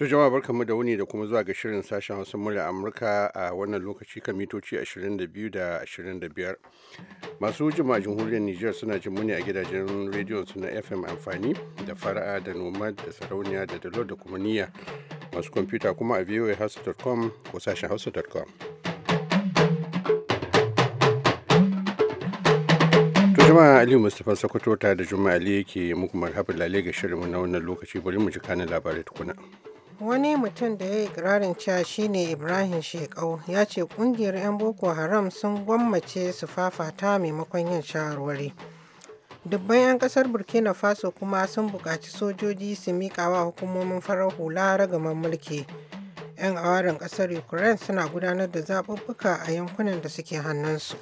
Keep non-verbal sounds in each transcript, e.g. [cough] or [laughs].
To jama'a barkamu da wuni da kuma zuwa ga shirin sashen Hausa murya Amurka a wannan lokaci kan mitoci 22 da 25. Masu jima jamhuriyar Nijar suna jin muni a gidajen rediyon su na FM amfani da fara'a da noma da sarauniya da dalo da kuma niyya. Masu kwamfuta kuma a voahausa.com ko sashen hausa.com. jama'a ali Mustapha Sokoto ta da Juma'a Ali ke muku marhaba lalai ga shirin na wannan lokaci bari mu ji kanin labarai tukuna. Wani mutum da ya yi ikirarin cewa shi ne Ibrahim Shekau ya ce kungiyar 'yan Boko Haram sun gwammace su fafata maimakon yin shawarwari. Dubban 'yan kasar Burkina Faso kuma sun buƙaci sojoji su miƙa wa hukumomin farar hula ragaman mulki. 'Yan awarin ƙasar Ukraine suna gudanar da zaɓuɓɓuka a yankunan da suke hannunsu.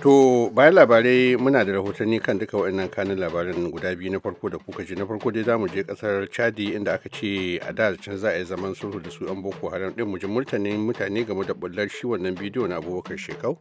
To bayan labarai muna da rahotanni kan duka waɗannan kanin labarin guda biyu na farko da kuka ji na farko dai zamu je kasar Chadi inda aka ce a da can za a yi zaman sulhu da su 'yan Boko Haram ɗin mu ji mutanen mutane game da bullar shi wannan bidiyo na Abubakar Shekau.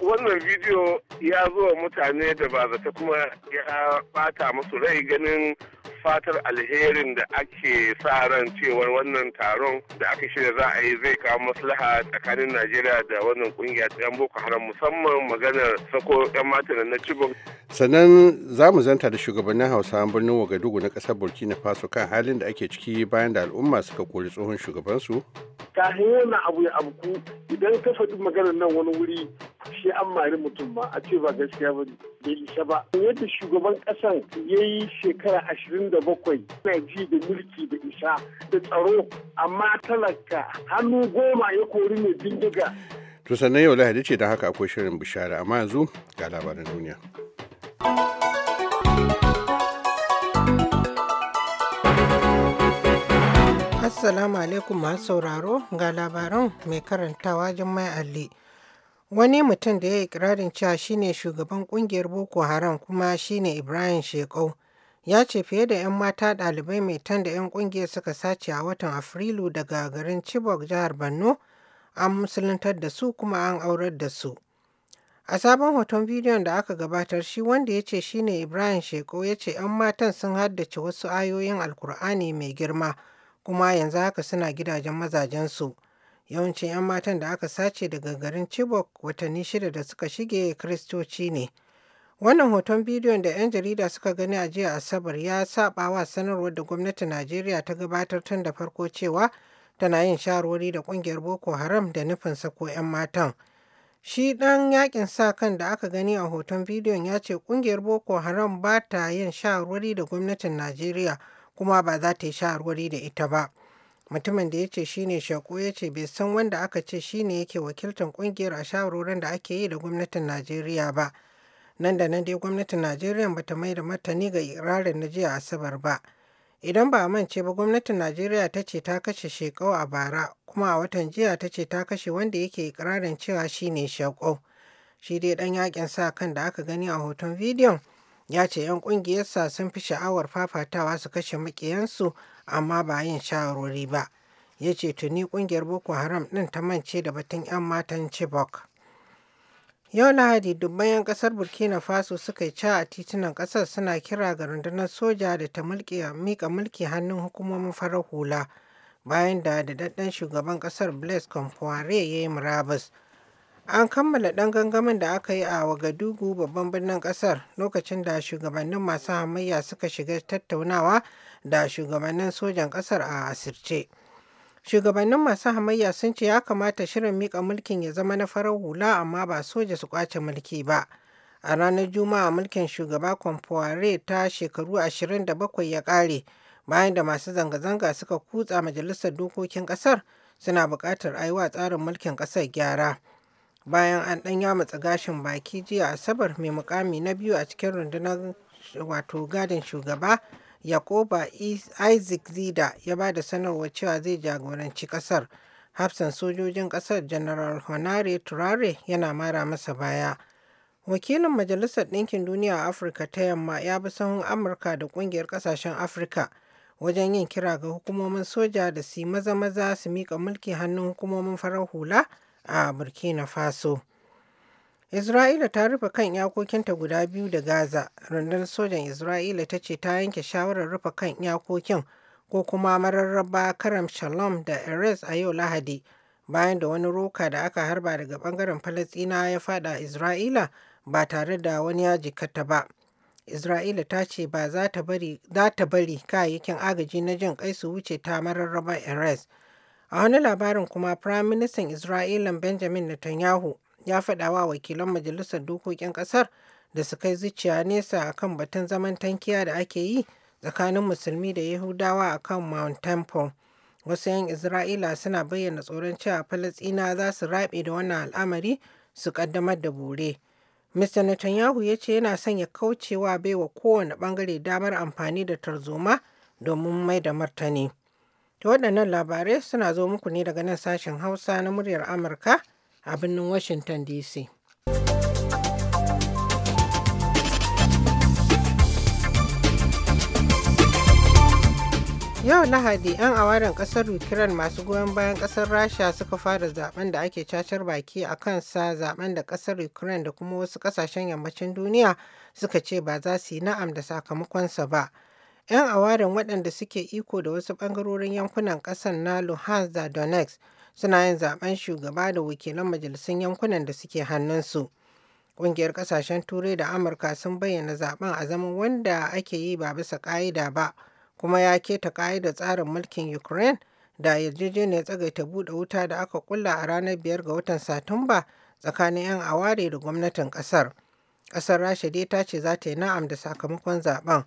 Wannan bidiyo ya zo mutane da ba zata kuma ya bata musu rai ganin fatar alherin da ake sa ran cewar wannan taron da aka shirya za a yi zai kawo maslaha tsakanin najeriya da wannan kungiya ta yan boko haram musamman maganar sako yan matan na cibin sannan za mu zanta da shugabannin hausa birnin wagadugu na kasar burkina faso kan halin da ake ciki bayan da al'umma suka kori tsohon shugabansu kafin wannan abu ya abku idan ka faɗi maganar nan wani wuri shi an mari mutum ma a ce ba gaskiya ba ne bai isa ba yadda shugaban kasan ya yi shekara ashirin da bakwai na ji da mulki da isa da tsaro amma talaka hannu goma ya kori mai bindiga to sannan yau lahadi ce da haka akwai shirin bishara amma yanzu ga labaran duniya Assalamu alaikum masu sauraro ga labaran mai karantawa Jummai alli. Wani mutum da ya yi ikirarin cewa shi shugaban ƙungiyar Boko Haram kuma shine Ibrahim Shekau, ya ce fiye da 'yan mata ɗalibai tan da 'yan ƙungiyar suka sace a watan Afrilu daga garin Chibok jihar Borno an musuluntar da su kuma an aurar da su. A sabon hoton bidiyon da aka gabatar shi wanda ya ce shi Ibrahim Shekau ya ce 'yan matan sun haddace wasu ayoyin Alkur'ani mai girma kuma yanzu haka suna gidajen mazajensu. Yawancin 'yan matan da aka sace daga garin Chibok watanni shida da suka shige Kiristoci ne. Wannan hoton bidiyon da 'yan jarida suka gani a jiya Asabar ya saba wa sanarwar da gwamnatin Najeriya ta gabatar tun da farko cewa tana yin shawarwari da kungiyar Boko Haram da nufin sako 'yan matan. Shi ɗan yakin sa kan da aka gani a hoton bidiyon ya ce kungiyar Boko Haram ba ta yin shawarwari da gwamnatin Najeriya kuma ba za ta yi shawarwari da ita ba. mutumin da ya ce shine shaƙo ya ce bai san wanda aka ce shine yake wakiltar ƙungiyar a shawarorin da ake yi da gwamnatin najeriya ba nan da nan dai gwamnatin najeriya ba ta mai da martani ga irarin na jiya asabar ba idan ba a mance ba gwamnatin najeriya ta ce ta kashe shekau a bara kuma a watan jiya ta ce ta kashe wanda yake ikirarin cewa shine shaƙo shi dai dan yakin sa kan da aka gani a hoton bidiyon ya ce 'yan kungiyarsa sun fi sha'awar fafatawa su kashe makiyansu amma ba yin shawarwari ba. Ya ce tuni ƙungiyar Boko Haram din ta mance da batun 'yan matan Chibok. Yau Lahadi dubban 'yan ƙasar Burkina Faso suka yi ca a titunan ƙasar suna kira ga rundunar soja da ta miƙa mulki hannun hukumomin farar hula bayan da daɗaɗɗen shugaban ƙasar Blaise Compaoré ya yi murabus. An kammala ɗan gangamin da aka yi a Wagadugu babban birnin ƙasar lokacin da shugabannin masu hamayya suka shiga tattaunawa da shugabannin sojan ƙasar a asirce. Shugabannin masu hamayya sun ce ya kamata shirin mika mulkin ya zama na farar hula amma ba soja su kwace mulki ba. A ranar Juma'a mulkin shugaba Kwamfuware ta shekaru 27 ya ƙare bayan da masu zanga-zanga suka kutsa majalisar dokokin ƙasar suna buƙatar aiwa tsarin mulkin ƙasar gyara. bayan an ɗan yamutsa gashin baki jiya asabar mai mukami na biyu a cikin rundunar wato gadin shugaba yakoba isaac zida ya ba da sanarwa cewa zai jagoranci kasar hafsan sojojin kasar general honare turare yana mara masa baya wakilin majalisar ɗinkin duniya a afirka ta yamma ya bi sahun amurka da ƙungiyar ƙasashen afirka wajen yin kira ga hukumomin soja da su maza-maza su miƙa mulki hannun hukumomin farar hula a Burkina Faso. Isra'ila ta rufe kan iyakokinta guda biyu da Gaza. Rundunar sojan Isra'ila ta ce ta yanke shawarar rufe kan iyakokin ko kuma mararraba Karam Shalom da Erez a yau Lahadi bayan da wani roka da aka harba daga bangaren Falastina ya fada Isra'ila ba tare da wani ya jikata ba. Isra'ila ta ce ba za ta bari kayayyakin agaji na jin kai su wuce ta mararraba Erez. A wani labarin kuma, Firaministan Isra'ila Benjamin Netanyahu ya faɗa wa wakilan Majalisar Dokokin ƙasar da su kai zuciya nesa a kan batun zaman tankiya da ake yi tsakanin Musulmi da Yahudawa a kan Mount Temple. Wasu 'yan Isra'ila suna bayyana tsoron cewa Falasɗina za su raɓe da wannan al'amari su ƙaddamar da bore. mista Netanyahu ya ce yana son ya kaucewa baiwa kowane bangare damar amfani da tarzoma domin mai da martani. Da waɗannan labarai suna zo muku ne daga nan sashen Hausa na muryar Amurka a birnin Washington DC. Yau Lahadi 'yan awaren ƙasar Ukraine masu goyon bayan ƙasar Rasha suka fara zaben da ake cacar baki a kan sa zaben da ƙasar Ukraine da kuma wasu ƙasashen yammacin duniya suka ce ba za su yi na'am da sakamakonsa ba. 'Yan awarin waɗanda suke iko da wasu ɓangarorin yankunan ƙasar na Luhansk da Donetsk suna yin zaben shugaba da wakilan majalisun yankunan da suke hannunsu. Ƙungiyar ƙasashen Turai da Amurka sun bayyana zaben a zaman wanda ake yi ba bisa ƙa'ida ba, kuma ya keta ƙa'ida tsarin mulkin Ukraine da yarjejeniyar tsagaita buɗe wuta da aka kulla a ranar biyar ga watan Satumba tsakanin 'yan aware da gwamnatin ƙasar. Ƙasar Rasha dai ta ce za ta yi na'am da sakamakon zaben.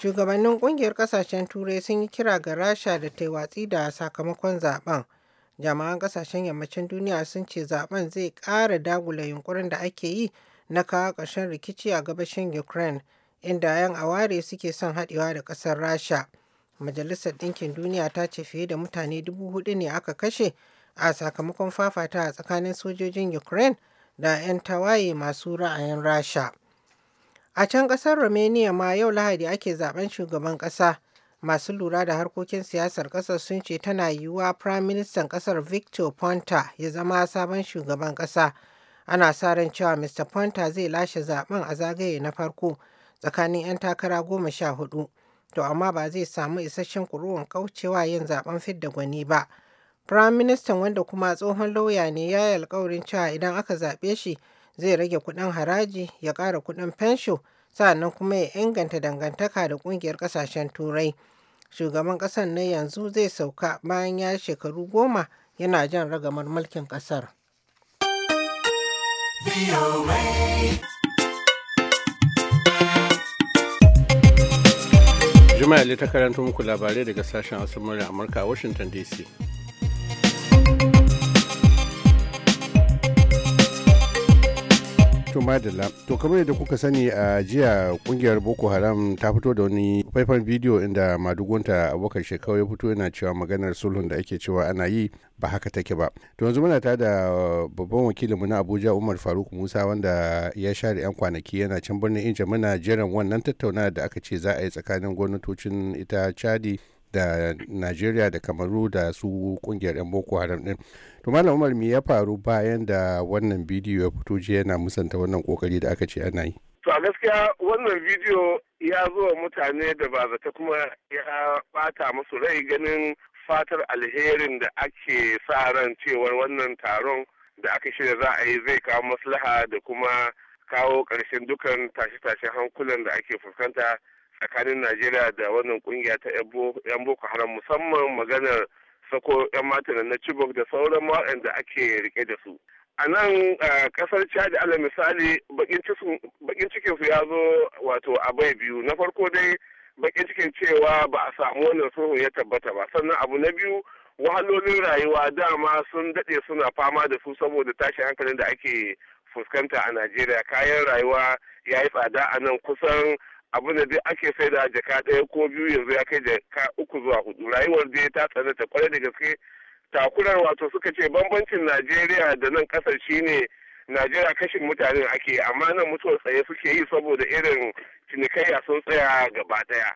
Shugabannin kungiyar kasashen Turai sun yi kira ga Rasha da ta watsi da sakamakon zaben. Jami'an kasashen yammacin duniya sun ce zaben zai ƙara dagula yunkurin da ake yi na kawo ƙarshen rikici a gabashin Ukraine, inda 'yan aware suke son haɗewa da ƙasar Rasha. Majalisar Ɗinkin Duniya ta ce fiye da mutane dubu hudu ne aka kashe a sakamakon fafata a tsakanin sojojin Ukraine da 'yan tawaye masu ra'ayin Rasha. A can ƙasar Romania ma yau Lahadi ake zaben shugaban ƙasa. Masu lura da harkokin siyasar ƙasar sun ce tana yiwuwa Prime Minister ƙasar Victor Ponta ya zama sabon shugaban ƙasa. Ana sa ran cewa Mr. Ponta zai lashe zaben a zagaye na farko tsakanin 'yan takara goma sha hudu. To amma ba zai samu isasshen kuruwan kaucewa yin zaben fidda gwani ba. Prime Minister wanda kuma tsohon lauya ne ya yi alkawarin cewa idan aka zaɓe shi zai rage kuɗin haraji ya ƙara kuɗin fensho sa'annan kuma ya inganta dangantaka da ƙungiyar ƙasashen turai shugaban ƙasar na yanzu zai sauka bayan ya shekaru goma yana jan ragamar mulkin ƙasar. Juma'a ta karanta muku labarai daga sashen asibirin Amurka a Washington DC. To madalla, to kamar yadda kuka sani a jiya kungiyar Boko Haram ta fito da wani faifan bidiyo inda madugunta abokan shekau ya fito yana cewa maganar sulhun da ake cewa ana yi ba haka take ba. To yanzu muna da uh, babban wakilinmu na Abuja Umar Faruk Musa wanda ya share 'yan kwanaki yana can birnin inji muna jiran wannan tattauna da aka ce za a yi tsakanin gwamnatocin ita Chadi da Najeriya da Kamaru da su kungiyar 'yan Boko Haram din. To Malam Umar me ya faru bayan da wannan bidiyo ya fito jiya yana musanta wannan kokari da aka ce ana yi? To a gaskiya wannan bidiyo ya zo wa mutane da ba zata kuma ya bata musu rai ganin fatar alherin da ake sa ran cewar wannan taron da aka shirya za a yi zai kawo maslaha da kuma kawo ƙarshen dukan tashe-tashen hankulan da ake fuskanta tsakanin najeriya da wannan kungiya ta yan boko haram musamman maganar sako yan matan na chibok da sauran da ake rike da su a nan kasar chad ala misali bakin cikin su ya zo wato a bai biyu na farko dai bakin cikin cewa ba a samu wannan sulhu ya tabbata ba sannan abu na biyu wahalolin rayuwa dama sun dade suna fama da su saboda tashin hankalin da ake fuskanta a najeriya kayan rayuwa ya yi tsada a nan kusan abu da dai ake sai da jaka ɗaya ko biyu yanzu ya kai jaka uku zuwa hudu rayuwar dai ta ta kwarai da gaske takurar wato suka ce bambancin najeriya da nan ƙasar shine najeriya kashin mutanen ake amma nan mutuwar tsaye suke yi saboda irin cinikayya sun tsaya gaba ɗaya.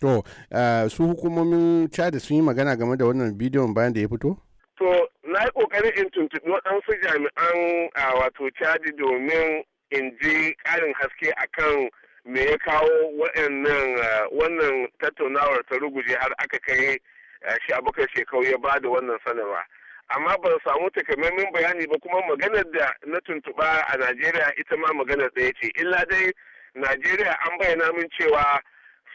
to eh, su hukumomin chad sun yi magana game da wannan bidiyon bayan da ya fito to na yi ƙoƙarin in tuntuɓi waɗansu jami'an ah, wato chad domin in ji ƙarin haske akan me ya kawo uh, wannan tattaunawar ta ruguje har aka kai uh, shi abokan shekau ya ba da wannan sanarwa amma ban samu takamaimin bayani ba kuma maganar da na tuntuɓa a najeriya ita ma maganar ɗaya ce illa dai najeriya an bayyana min cewa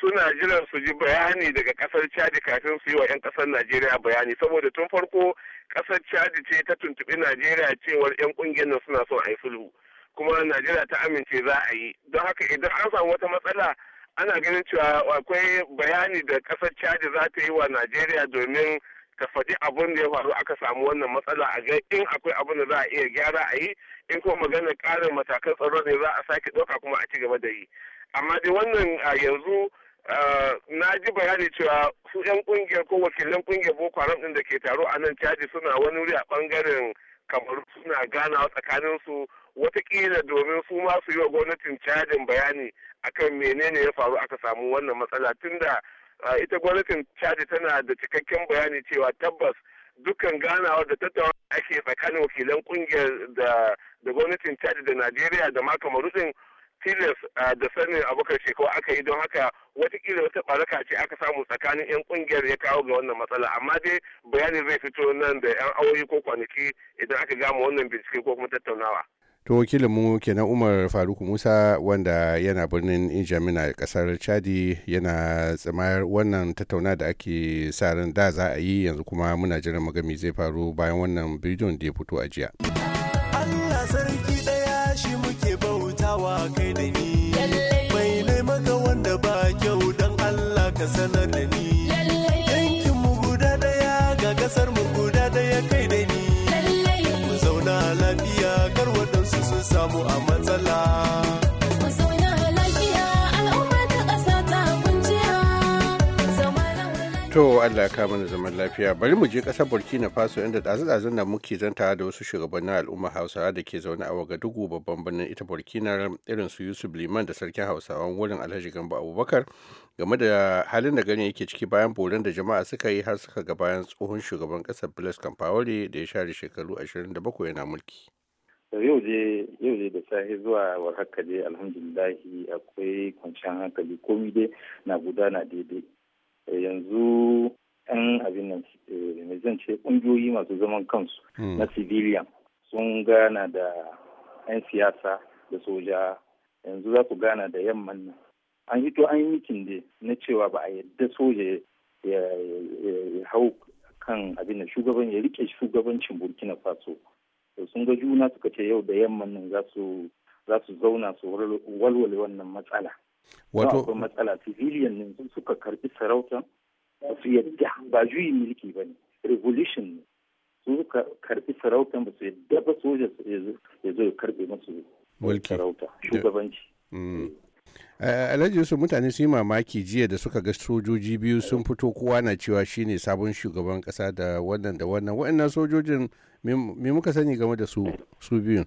suna jiran su ji bayani daga ƙasar chadi kafin su yi wa 'yan ƙasar najeriya bayani saboda tun farko ƙasar chadi ce ta tuntuɓi najeriya cewar 'yan ƙungiyar nan suna son a yi sulhu kuma najeriya ta amince za a yi don haka idan an samu wata matsala ana ganin cewa akwai bayani da ƙasar Cadi za ta yi wa najeriya domin ta faɗi abin da ya faru aka samu wannan matsala a ga in akwai abin da za a iya gyara a yi in kuma magana ƙarin matakan tsaro ne za a sake ɗauka kuma a ci gaba da yi amma dai wannan yanzu na ji bayani cewa su 'yan ƙungiyar ko wakilan ƙungiyar boko haram ɗin da ke taro a nan chadi suna wani wuri a ɓangaren kamaru suna ganawa tsakaninsu watakila domin su ma su yi wa gwamnatin cadin bayani akan menene ya faru aka samu wannan matsala tunda ita gwamnatin cadi tana da cikakken bayani cewa tabbas dukkan ganawa da tattawa ake tsakanin wakilan kungiyar da gwamnatin cadi da najeriya da makama din tilas da sanin abokan shekau aka yi don haka watakila wata baraka ce aka samu tsakanin 'yan kungiyar ya kawo ga wannan matsala amma dai bayanin zai fito nan da 'yan awoyi ko kwanaki idan aka gama wannan bincike ko kuma tattaunawa. to wakilinmu kenan umar faruk musa wanda yana birnin injamina kasar chadi yana tsamayar wannan tattauna da ake sa ran da za a yi yanzu kuma muna jiran magami zai faru bayan wannan bidiyon da ya fito a jiya allah sarki daya shi muke bautawa kai da ni samu a matsala. To Allah ka mana zaman lafiya bari mu je kasar Burkina Faso inda ɗazu-ɗazun muke zantawa da wasu shugabannin al'ummar Hausawa da ke zaune a Wagadugu babban birnin ita Burkina irin su Yusuf Liman da sarkin Hausawan wurin Alhaji Gambo Abubakar game da halin da garin yake ciki bayan boran da jama'a suka yi har suka ga bayan tsohon shugaban ƙasar Blaise Compaoré da ya share shekaru 27 yana mulki. yau je yau je da safe zuwa war haka dai alhamdulillahi akwai kwanciyar hankali komi dai na gudana daidai eh, yanzu yan abin nan eh, mai zan ce kungiyoyi masu zaman kansu hmm. na civilian sun gana da yan siyasa da soja yanzu za ku gana da yamman nan an hito an yi mikin dai na cewa ba a yadda soja ya hau kan abin da shugaban ya rike shugabancin burkina faso to sun ga juna suka ce yau da yamman nan za su zauna su walwale wannan matsala wato akwai matsala civilian ne suka karbi sarauta ba su yadda ba juyi mulki ba ne revolution ne su suka karbi sarauta ba su yadda ba soja ya zo ya karbe masu sarauta shugabanci mm. Eh, alhaji yusuf mutane su yi mamaki jiya da suka ga sojoji biyu sun fito kowa na cewa shine sabon shugaban kasa da wannan da wannan waɗannan sojojin me muka sani game da su su biyun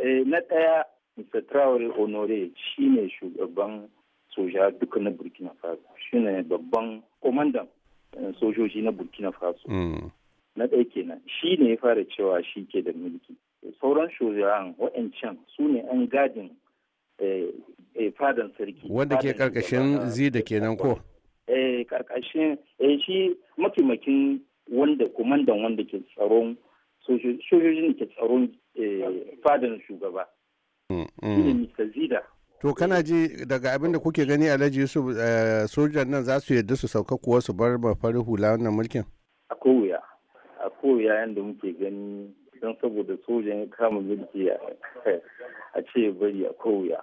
eh, na ɗaya mr traore honore shine shugaban soja duka na burkina faso shine babban komandan eh, sojoji na burkina faso mm. na ɗaya kenan shi ne ya fara cewa shi ke da mulki sauran shugaban waɗancan su ne an gadin Eh, eh, fadan sarki wanda ke karkashin zida kenan ko eh karkashin eh shi mataimakin wanda kumandan wanda ke tsaron sojojin ke tsaron eh, fadan shugaba Mr. Mm, mm. Zida to kana ji daga abin da kuke gani alhaji yusuf sojan nan za su yadda su sauka kuwa su bar mafari fari hula wannan mulkin a kowuya a kowuya yadda muke gani don saboda sojan ya kama mulki a [laughs] ce bari a kowuya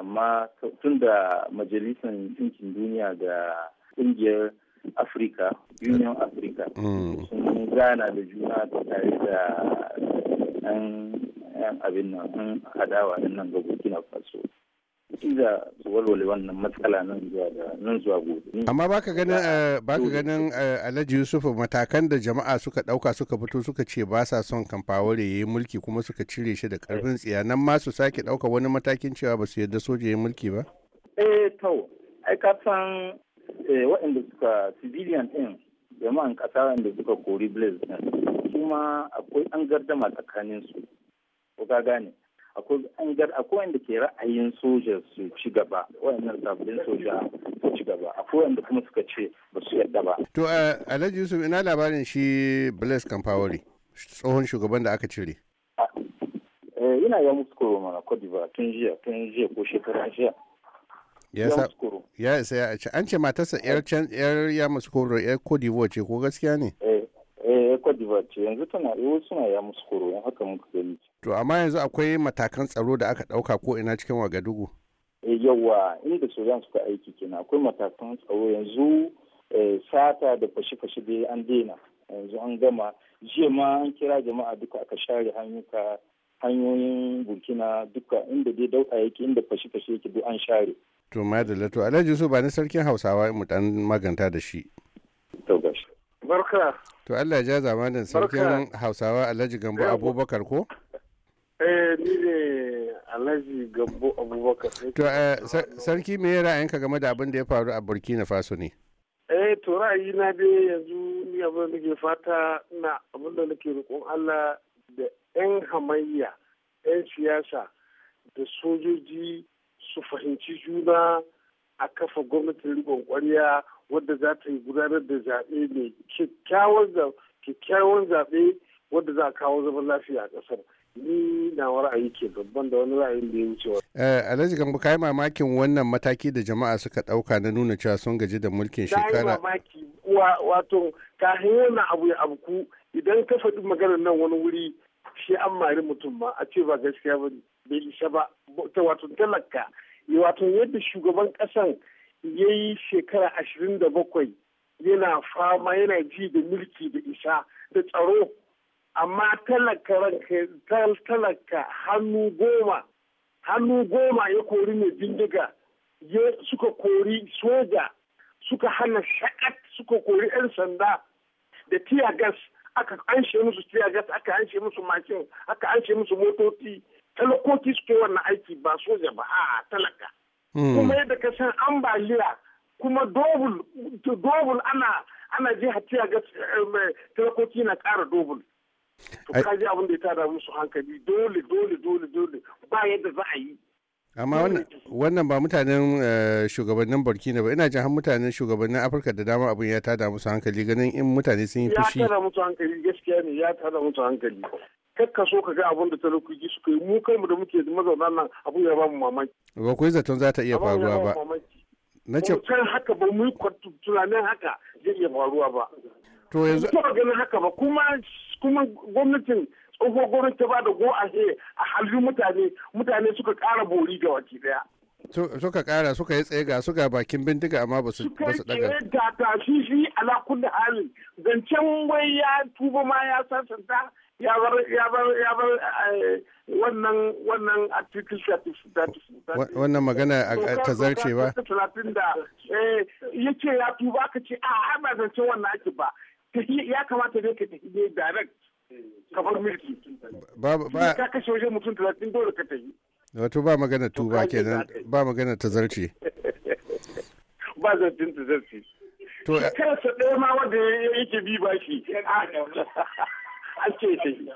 amma tun da majalisar ɗinkin duniya da ƙungiyar afirka union afirka mm. sun gana da juna da tare da yan abin nan adawa nan ga burkina faso za su walwale wannan matsala nan zuwa nan zuwa gobe. Amma baka ganin eh, baka ganin eh, Alhaji Yusuf matakan da jama'a suka dauka suka fito suka ce ba sa son ya yayi mulki kuma suka cire shi da karfin tsiya nan ma su sake dauka wani matakin cewa ba su yarda soja yayi mulki ba? Eh to ai ka san eh, waɗanda suka civilian din jama'an ƙasa waɗanda suka kori Blaze din kuma akwai an gardama tsakanin su. Ko ka gane? akwai wanda ke ra'ayin soja su ci gaba wayannan sabbin soja su ci gaba akwai wanda kuma suka ce ba su yadda ba to eh, alhaji yusuf ina labarin shi blaise kamfawari tsohon shugaban da aka cire yana ah, eh, ya musu koro mana kodiva tun jiya tun jiya ko shekaran jiya ya isa ya ce an ce matarsa yar ya musu koro yar kodivo ce ko gaskiya ne eh ce yanzu tana iyo suna ya musu koro yan haka muka gani. To amma yanzu akwai matakan tsaro da aka ɗauka ko ina cikin Wagadugu? Eh, Yawwa inda sojan suka aiki kenan akwai matakan tsaro yanzu eh, sata da fashe-fashe dai an daina yanzu an gama jiya ma an kira jama'a duka aka share hanyuka hanyoyin burkina duka inda dai dauka yake inda fashe-fashe yake duk an share. To madalla to Alhaji Yusuf ba ni sarkin Hausawa mu dan maganta da shi. To Allah ya ja zamanin sarkin Hausawa Alhaji Gambo Abubakar ko? Eh ni ne Alhaji Gambo Abubakar. To eh, sarki me ka game da abin da ya faru a Burkina Faso ne? Eh to ra'ayi na dai yanzu ni abin da nake fata na abin da nake roƙon Allah da 'yan hamayya 'yan siyasa da sojoji su fahimci juna a kafa gwamnatin riƙon ƙwarya wadda za ta yi gudanar da zaɓe mai kyakkyawan zaɓe wadda za a kawo zaman lafiya a ƙasar ni na ra'ayi ke babban da wani ra'ayin da ya wuce wa. Eh, Alhaji Gambo kayi mamakin wannan mataki da jama'a suka ɗauka na nuna cewa sun gaji da mulkin shekara. mamaki wato kafin na abu ya abku idan ka faɗi maganar nan wani wuri shi an mari mutum ma a ce ba gaskiya ba bai isa ba wato talaka wato yadda shugaban ƙasan ya yi shekara ashirin da bakwai yana fama yana ji da mulki da isa da tsaro amma talaka hannu goma hannu goma ya kori mai bindiga suka kori soja suka hana sha'at suka kori 'yan sanda da tiyagas aka anshe musu tiyagas aka anshe musu makin aka anshe musu motoci talakoki suke wannan aiki ba soja ba a talaka kuma hmm. yadda ka san ambaliya kuma dobul ana ana ji hatiya ga eh, talakoki na ƙara dobul to kaji abin da ya tada musu hankali dole dole dole dole ba yadda za a yi amma wannan ba mutanen eh, shugabannin burkina ba ina jin mutanen shugabannin afirka da dama abin ya tada musu hankali ganin in mutane sun yi fushi ya tada musu hankali gaskiya ne ya tada musu hankali kakka so ka ga abin da talakoki suka yi mu kai mu da muke mazauna nan abu ya ba mu mamaki ba ku zaton za ta iya faruwa ba na ce can haka ba mu yi tunanin haka zai iya faruwa ba to yanzu ba ganin haka ba kuma kuma gwamnatin tsohuwar gwamnati ta ba da go a a halin mutane mutane suka kara bori ga waki daya suka kara suka yi tsaye ga suka bakin bindiga amma ba su daga suka yi da ta shi shi alakun da halin zancen wai ya tuba ma ya sasanta ya bar ya bar ya bar eh, wannan wannan article 36 wannan magana ta zarce ba talatin da eh, yace ya tuba ka ce a ah, ba zance wannan ake ba ya kamata ne ka tafi ne direct kafar mulki ba ba ka kashe wajen mutum 30 dole ka tafi wato ba magana tuba kenan ba magana ta zarce [laughs] ba zancen ta zarce to eh, kansa ɗaya ma wanda yake bi ba shi [laughs] ake ta yi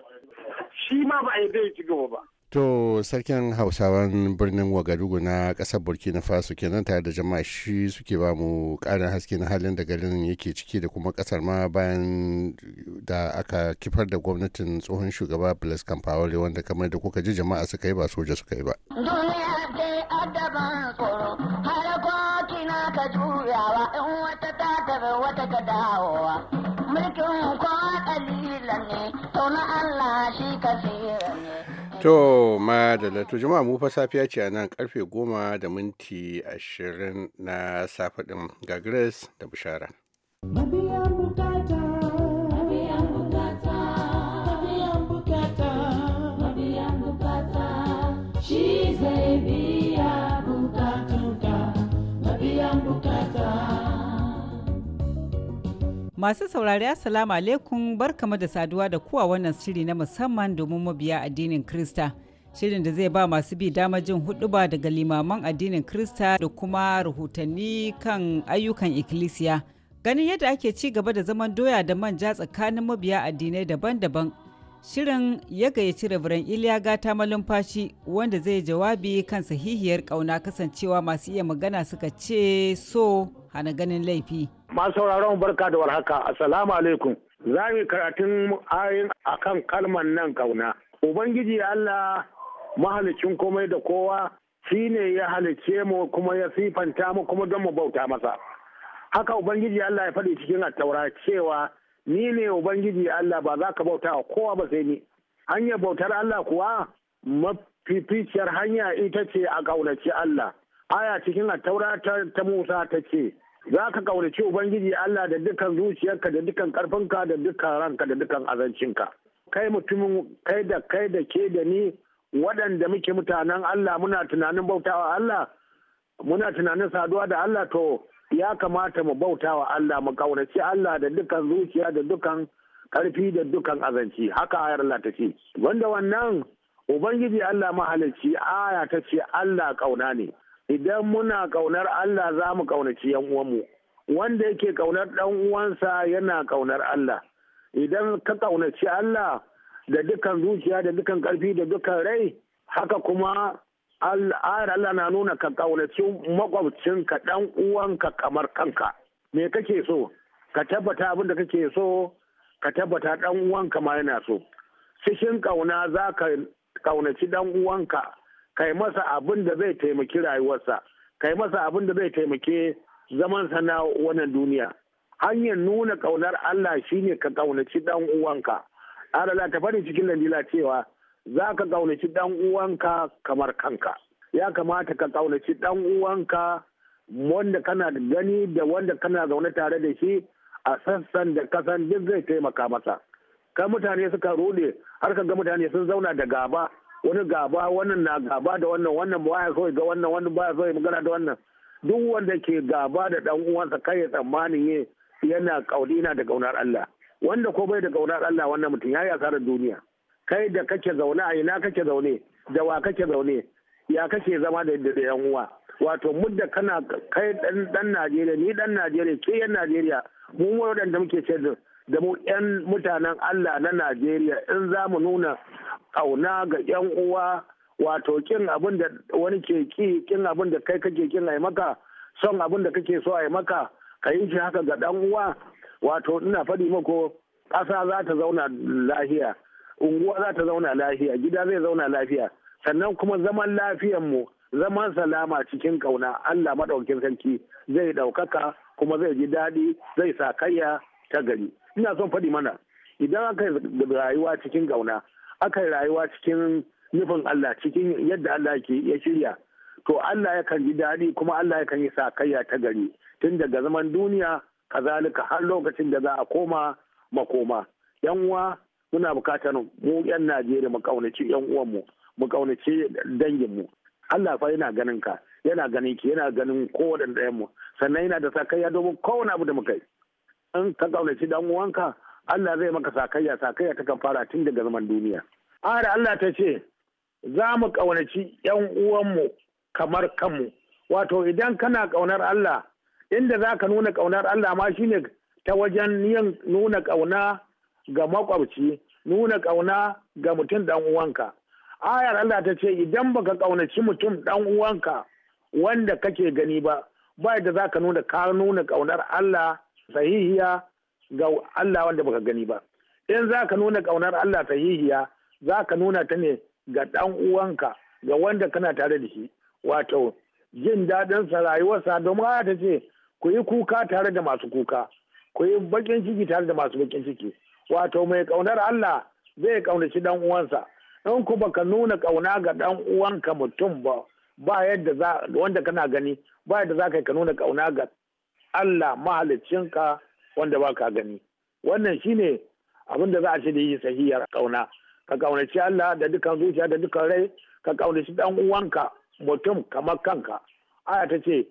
shi ma ba a yi zai ci gaba ba To sarkin hausawan birnin Wagadugu na ƙasar Burkina Faso kenan tare da jama'a shi suke ba mu ƙarin haske na halin da garin yake ciki da kuma ƙasar ma bayan da aka kifar da gwamnatin tsohon shugaba Blaise Compaoré wanda kamar da kuka ji jama'a suka yi ba soja suka yi ba. Duniya tsoro na ka ta wata ta dawowa. To da to jama'a mu fa safiya ce a nan karfe goma da minti ashirin na safe din ga Grace da Bishara. Masu saurari Assalamu alaikum barkama da saduwa da kuwa wannan shiri na musamman domin mabiya addinin Krista. Shirin da zai ba masu bi dama jin huduba daga limaman addinin Krista da kuma rahotanni kan ayyukan ikkilisiya. Ganin yadda ake ci gaba da zaman doya da manja tsakanin mabiya addinai daban-daban Shirin ya gayyaci Rabiran Iliya Gata Malumfashi wanda zai jawabi kan sahihiyar kauna kasancewa masu iya magana suka ce so hana ganin laifi. Masu sauraron barka da warhaka, Assalamu alaikum. Za mu karatun ayin akan kalman nan kauna Ubangiji Allah mahalicin komai da kowa shi ne ya halice mu kuma ya sifanta mu kuma don mu bauta masa. Haka Ubangiji Allah ya faɗi cikin attaura cewa ni ne ubangiji Allah ba za ka bauta wa kowa ba sai ni hanyar bautar Allah kuwa mafificiyar hanya ita ce a ƙaunaci Allah aya cikin taurata ta Musa ta ce za ka ƙaunaci ubangiji Allah da dukkan zuciyarka da dukkan ƙarfinka da dukkan ranka da dukkan azancinka kai mutumin kai da kai da ke da ni waɗanda muke mutanen Allah muna tunanin bautawa Allah muna tunanin saduwa da Allah to ya kamata mu bauta wa Allah mu kaunaci Allah da dukan zuciya da dukan karfi da dukan azanci haka ayar Allah ta ce wanda wannan ubangiji Allah mahalicci aya ta ce Allah kauna ne idan muna kaunar Allah za mu kaunaci yan uwanmu wanda yake kaunar dan uwansa yana kaunar Allah idan ka kaunaci Allah da dukan zuciya da dukan karfi da dukan rai haka kuma al'ar Allah na nuna ka kaunaci makwabcinka dan uwanka kamar kanka me kake so ka tabbata abin da kake so ka tabbata dan uwanka ma yana so cikin kauna za ka kaunaci dan uwanka kai masa abin da zai taimaki rayuwarsa kai masa abin da zai taimaki zamansa na wannan duniya hanyar nuna ƙaunar Allah shine ka kaunaci dan uwanka Allah ta faɗi cikin lalila cewa za ka ƙaunaci ɗan uwanka kamar kanka ya kamata ka ƙaunaci ɗan uwanka wanda kana gani da wanda kana zaune tare da shi a sassan da kasan duk zai taimaka masa kan mutane suka rude har ka ga mutane sun zauna da gaba wani gaba wannan na gaba da wannan wannan baya so ga wannan wannan baya so magana da wannan duk wanda ke gaba da dan uwansa kai ya tsammanin yana kaudina da gaunar Allah wanda ko bai da gaunar Allah wannan mutum yi asarar duniya kai da kake zaune a ina kake zaune da wa kake zaune ya kake zama da da yan uwa wato mudda kana kai dan Najeriya ni dan Najeriya ke yan Najeriya mu waɗanda muke ce da mu yan mutanen Allah na Najeriya in za mu nuna ƙauna ga yan uwa wato kin abin da wani ke ki kin abin da kai kake kin ai maka son abin da kake so ai maka ka yi shi haka ga dan uwa wato ina faɗi mako ƙasa za ta zauna lahiya unguwa za ta zauna lafiya gida zai zauna lafiya sannan kuma zaman lafiyan mu zaman salama cikin kauna Allah madaukakin sarki zai ɗaukaka kuma zai ji daɗi zai sa kayya ta gari ina son faɗi mana idan aka rayuwa cikin kauna aka yi rayuwa cikin nufin Allah cikin yadda Allah ke ya shirya to Allah ya kan ji daɗi kuma Allah ya kan yi sa kayya ta gari tun daga zaman duniya kazalika har lokacin da za a koma makoma yan uwa muna bukatar mu yan najeriya mu kaunaci yan uwanmu mu kaunaci danginmu allah fa yana ganin ka yana ganin ki yana ganin kowanne ɗayan mu sannan yana da sakayya domin kowane abu da muka yi in ka kaunaci dan uwanka allah zai maka sakayya sakayya ta kan fara tun daga zaman duniya ara allah ta ce za mu kaunaci yan uwanmu kamar kanmu wato idan kana kaunar allah inda za ka nuna kaunar allah ma shine ta wajen yin nuna kauna ga makwabci nuna ƙauna ga mutum ɗan uwanka ayar Allah ta ce idan baka ƙaunaci mutum ɗan uwanka wanda kake gani ba ba yadda za ka nuna ka nuna ƙaunar Allah sahihiya ga Allah wanda baka gani ba in za ka nuna ƙaunar Allah sahihiya za ka nuna ta ne ga ɗan uwanka ga wanda kana tare da shi wato jin sa rayuwarsa domin ta ce ku yi kuka tare da masu kuka ku yi baƙin ciki tare da masu baƙin ciki wato mai kaunar Allah zai kaunaci dan uwansa in ku baka nuna kauna ga dan uwanka mutum ba ba yadda za wanda kana gani ba yadda za ka nuna kauna ga Allah mahaliccinka wanda ba ka gani wannan shine abin da za a ce da yi sahihiyar kauna ka kaunaci Allah da dukan zuciya da dukan rai ka kaunaci dan uwanka mutum kamar kanka aya ta ce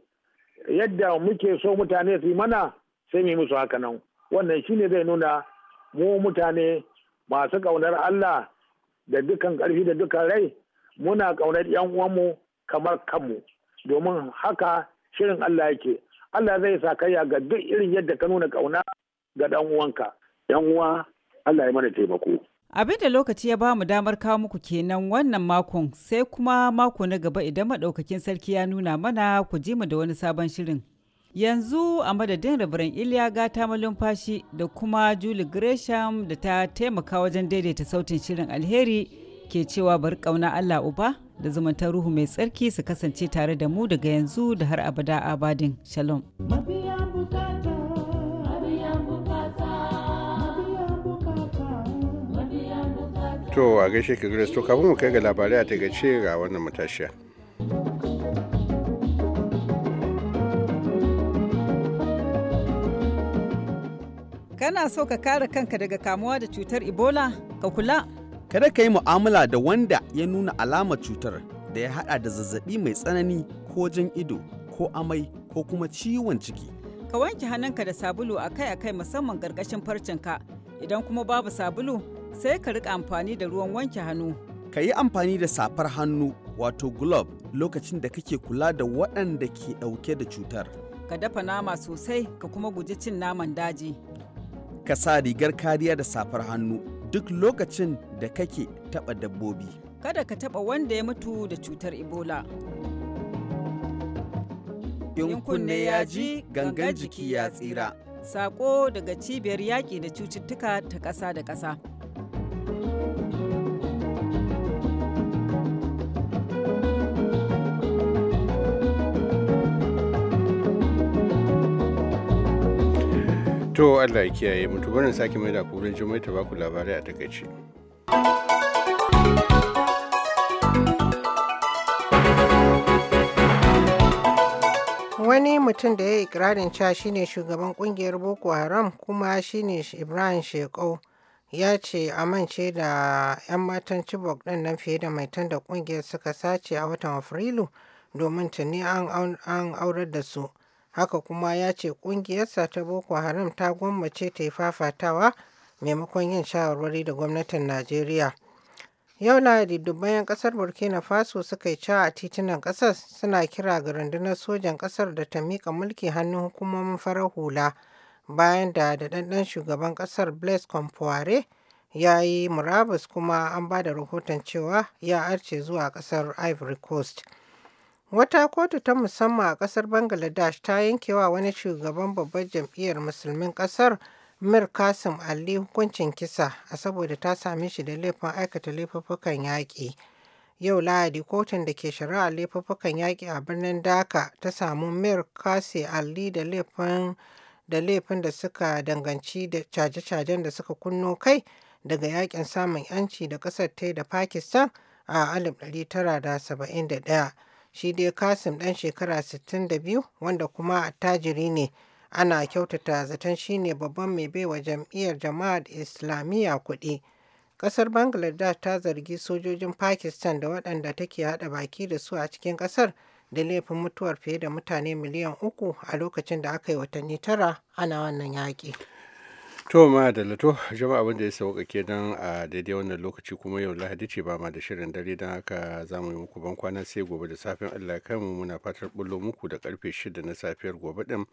yadda muke so mutane su yi mana sai mu yi musu haka nan wannan shine zai nuna mu mutane masu ƙaunar Allah da dukan ƙarfi da dukan rai muna ƙaunar 'yan uwanmu kamar kanmu domin haka shirin Allah yake Allah zai sa kaya ga duk irin yadda ka nuna ƙauna ga ɗan uwanka ‘yan uwa Allah ya mana taimako. Abin da lokaci ya ba mu damar kawo muku kenan wannan makon sai kuma mako na gaba idan maɗaukakin sarki ya nuna mana ku ji mu da wani sabon shirin. yanzu a madadin rabarin iliya gata malumfashi da kuma julie gresham da ta taimaka wajen daidaita sautin shirin alheri ke cewa bari kauna allah uba da zumuntar ruhu mai tsarki su kasance tare da mu daga yanzu da har abada abadin shalom to a gaishe ka to kafin mu kai ga labarai a tagace ga wannan matashiya Kana so ka kare kanka daga kamuwa da cutar Ebola? Ka kula. Kada ka yi mu'amala da wanda ya nuna alamar cutar da ya haɗa da zazzabi mai tsanani ko jan ido ko amai ko kuma ciwon ciki. Ka wanke hannunka da sabulu akai-akai musamman gargashin farcinka. Idan kuma babu sabulu, sai ka riƙa amfani da ruwan wanke hannu. Ka yi amfani da safar hannu wato glove lokacin da kake kula da waɗanda ke ɗauke da cutar. Ka dafa nama sosai ka kuma guji cin naman daji. ka sa rigar kariya da safar hannu duk lokacin da kake taɓa dabbobi. Kada ka taɓa wanda ya mutu da cutar Ebola. In kunne ya ji gangan jiki ya tsira. Sako daga cibiyar yaƙi da cututtuka ta ƙasa da ƙasa. To Allah ya kiyaye mutu barin sake mai da kuren jumai ta baku labarai a takaice. Wani mutum da ya yi ikirarin cewa shine shugaban kungiyar Boko Haram kuma shine Ibrahim Shekau ya ce a amince da 'yan matan Chibok ɗin nan fiye da maitan da ƙungiyar suka sace a watan Afrilu domin tuni an aurar da su. Haka kuma ya ce ƙungiyarsa ta Boko Haram ta gwammace ta yi fafatawa maimakon yin shawarwari da gwamnatin Najeriya. Yau na dubban 'yan kasar Burkina Faso suka yi ca a titunan kasar suna kira ga rundunar sojan kasar da ta miƙa mulki hannun hukumomin farar hula bayan da daɗaɗɗen shugaban kasar Blaise compaore ya yi murabus kuma an ba da rahoton cewa ya arce zuwa kasar Ivory Coast. Wata kotu ta musamman a kasar bangladesh ta yanke wa wani shugaban babbar jam'iyyar Musulmin kasar Mir Kasim Ali hukuncin kisa a saboda ta same shi da laifin aikata laifuffukan yaƙi. Yau Lahadi kotun da ke shari'a laifuffukan yaƙi a birnin Dhaka ta samu Mir Kasi Ali da laifin da laifin da suka danganci da caje-cajen da suka kunno kai daga yakin samun yanci da kasar ta da Pakistan a 1971. shi dai kasim ɗan shekara 62 wanda kuma attajiri ne ana kyautata zaton shine babban mai bai wa jam'iyyar jama'ar islamiyya kuɗi ƙasar bangladesh ta zargi sojojin pakistan da waɗanda take haɗa baki da su a cikin ƙasar da laifin mutuwar fiye da mutane miliyan uku a lokacin da aka yi watanni tara ana wannan yaƙi. To ma da lato jama'a abin da ya sauka don a daidai wannan lokaci kuma yau lahadi ce ba ma da shirin dare don haka za mu yi muku ban kwana sai gobe da safin Allah kai mu muna fatar bullo muku da karfe shida na safiyar gobe din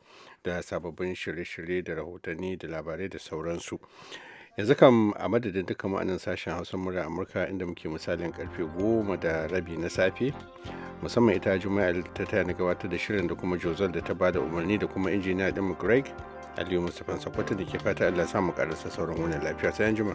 da sababbin shirye-shirye da rahotanni da labarai da sauransu. Yanzu kam a madadin duka ma'anin sashen Hausa murya Amurka inda muke misalin karfe goma da rabi na safe musamman ita Juma'a ta taya na gabatar da shirin da kuma Jozal da ta bada umarni da kuma injiniya ɗin Greg aliyu mustapha sokoto da ke fata allah samu karasa sauran wani lafiya ta an